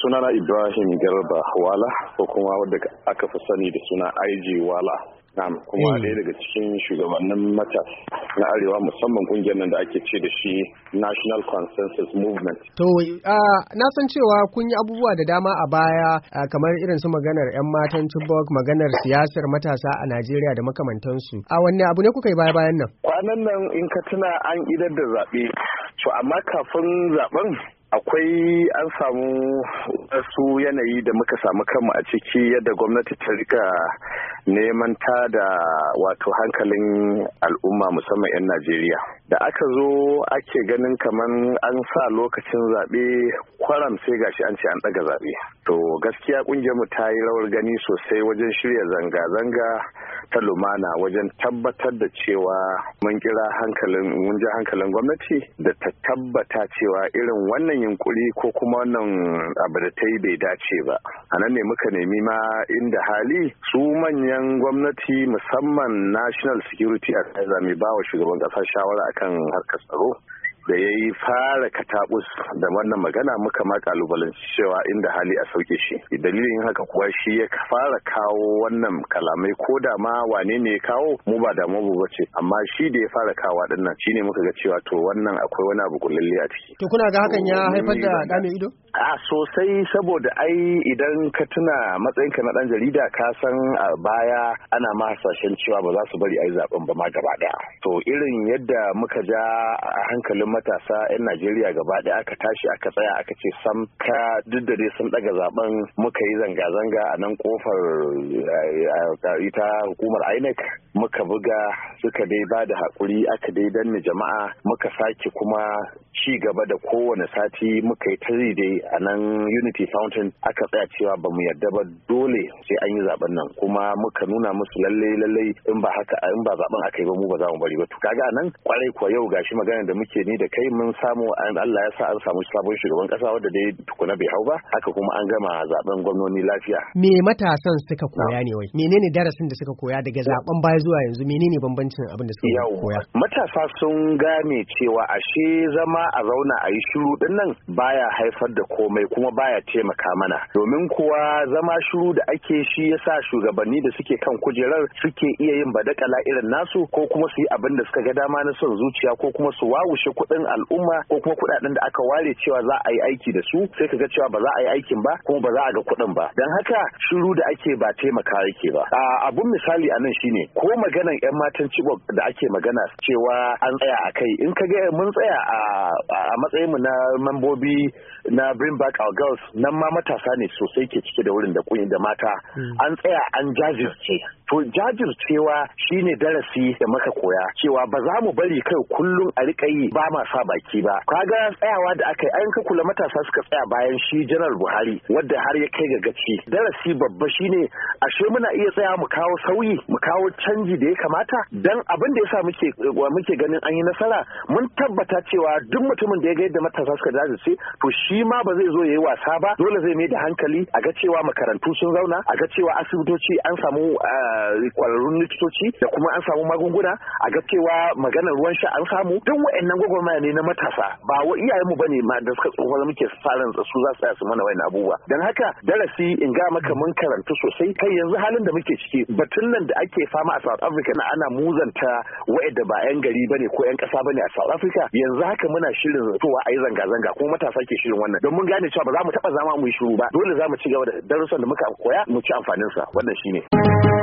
sunana ibrahim garba wala ko kuma wadda aka fi sani da suna ig wala kuma eh. ɗaya daga cikin shugabannin mata na arewa musamman kungiyar nan da ake ce da shi national consensus movement to na san cewa kun yi abubuwa da dama a baya kamar irin su maganar 'yan matan chibok maganar siyasar matasa a najeriya da makamantansu a wanne abu ne kuka yi baya bayan nan kwanan nan in ka tuna an idar da zaɓe to amma kafin zaɓen akwai an samu wasu yanayi da muka samu kanmu a ciki yadda gwamnati ta rika neman ta da wato hankalin al'umma musamman 'yan najeriya da aka zo ake ganin kamar an sa lokacin zaɓe kwaram sai gashi an ce an ɗaga zaɓe to gaskiya ƙungiyarmu ta yi rawar gani sosai wajen shirya zanga-zanga ta lumana wajen tabbatar da cewa mun kira hankalin mun ji hankalin gwamnati da ta tabbata cewa irin wannan yunkuri ko kuma wannan abu da ta yi bai dace ba a nan ne muka nemi ma inda hali su manyan gwamnati musamman national security advisor mai bawa shugaban kasa shawara akan harkar tsaro da ya yi fara katabus da wannan magana muka ma kalubalanci cewa inda hali a sauke shi dalilin haka kuwa shi ya fara kawo wannan kalamai ko da ma wane ne kawo mu ba da mabu ba amma shi da ya fara kawo dinnan shine muka ga cewa to wannan akwai wani abu kullalle a ciki to kuna ga hakan ya haifar da dame ido a sosai saboda ai idan ka tuna matsayinka na ɗan jarida ka san a baya ana ma hasashen cewa ba za su bari ai zaben ba ma gaba daya to irin yadda muka ja a hankalin matasa 'yan Najeriya gaba ɗaya aka tashi aka tsaya aka ce sam ka duk da dai sun ɗaga zaben muka yi zanga-zanga a nan kofar eh, eh, ita hukumar INEC muka buga suka dai ba da haƙuri aka dai danne jama'a muka sake kuma ci gaba da kowane sati muka yi tari dai a nan Unity Fountain aka tsaya cewa ba mu yarda ba dole sai an yi zaben nan kuma muka nuna musu lalle lalle in ba haka in ba zaben aka yi ba mu ba za mu bari ba to kaga nan kwarai kuwa yau gashi magana da muke ni da da kai mun samu an Allah ya sa an samu sabon shugaban kasa wanda dai tukuna bai hau ba haka kuma an gama zaben gwamnoni lafiya me matasan suka koya ne wai menene darasin da suka koya daga zaben baya zuwa yanzu menene bambancin abin da suka koya matasa sun gane cewa ashe zama a zauna a yi shiru din nan baya haifar da komai kuma baya taimaka mana domin kuwa zama shiru da ake shi yasa shugabanni da suke kan kujerar suke iya yin badakala irin nasu ko kuma su yi abin da suka ga dama na son zuciya ko kuma su wawushe kuɗi kuɗin al'umma ko kuma kuɗaɗen da aka ware cewa za a yi aiki da su sai ka ga cewa ba za a yi aikin ba kuma ba za a ga kuɗin ba don haka shiru da ake ba taimaka yake ba a abun misali a nan shine ko maganan yan matan cibok da ake magana cewa an tsaya a kai in ka ga mun tsaya a matsayin mu na membobi na bring back our girls nan ma matasa ne sosai ke cike da wurin da da mata hmm. an tsaya an jajirce to jajircewa shine darasi da muka koya cewa ba za mu bari kai kullum a rika yi ba ma sa baki ba Ka ga tsayawa da aka yi an ka kula matasa suka tsaya bayan shi janar buhari wadda har ya kai ga gaci darasi babba shine ashe muna iya tsaya mu kawo sauyi mu kawo canji da ya kamata dan abin da yasa muke muke ganin an yi nasara mun tabbata cewa duk mutumin da ya ga yadda matasa suka jajirce to shi ma ba zai zo yayi wasa ba dole zai mai da hankali a ga cewa makarantu sun zauna a ga cewa asibitoci an samu ah, kwararrun likitoci da kuma an samu magunguna a ga cewa maganar ruwan sha an samu duk wa'annan gwagwarmaya ne na matasa ba wa iyayen mu bane ma da suka tsohon muke fara su za su tsaya su mana wa'annan abubuwa dan haka darasi in ga maka mun karantu sosai kai yanzu halin da muke ciki batun nan da ake fama a South Africa na ana muzanta wa'anda ba yan gari bane ko yan kasa bane a South Africa yanzu haka muna shirin fitowa a yi zanga-zanga ko matasa ke shirin wannan don mun gane cewa ba za mu taba zama mu yi shiru ba dole za mu ci gaba da darussan da muka koya mu ci amfanin sa wannan shine.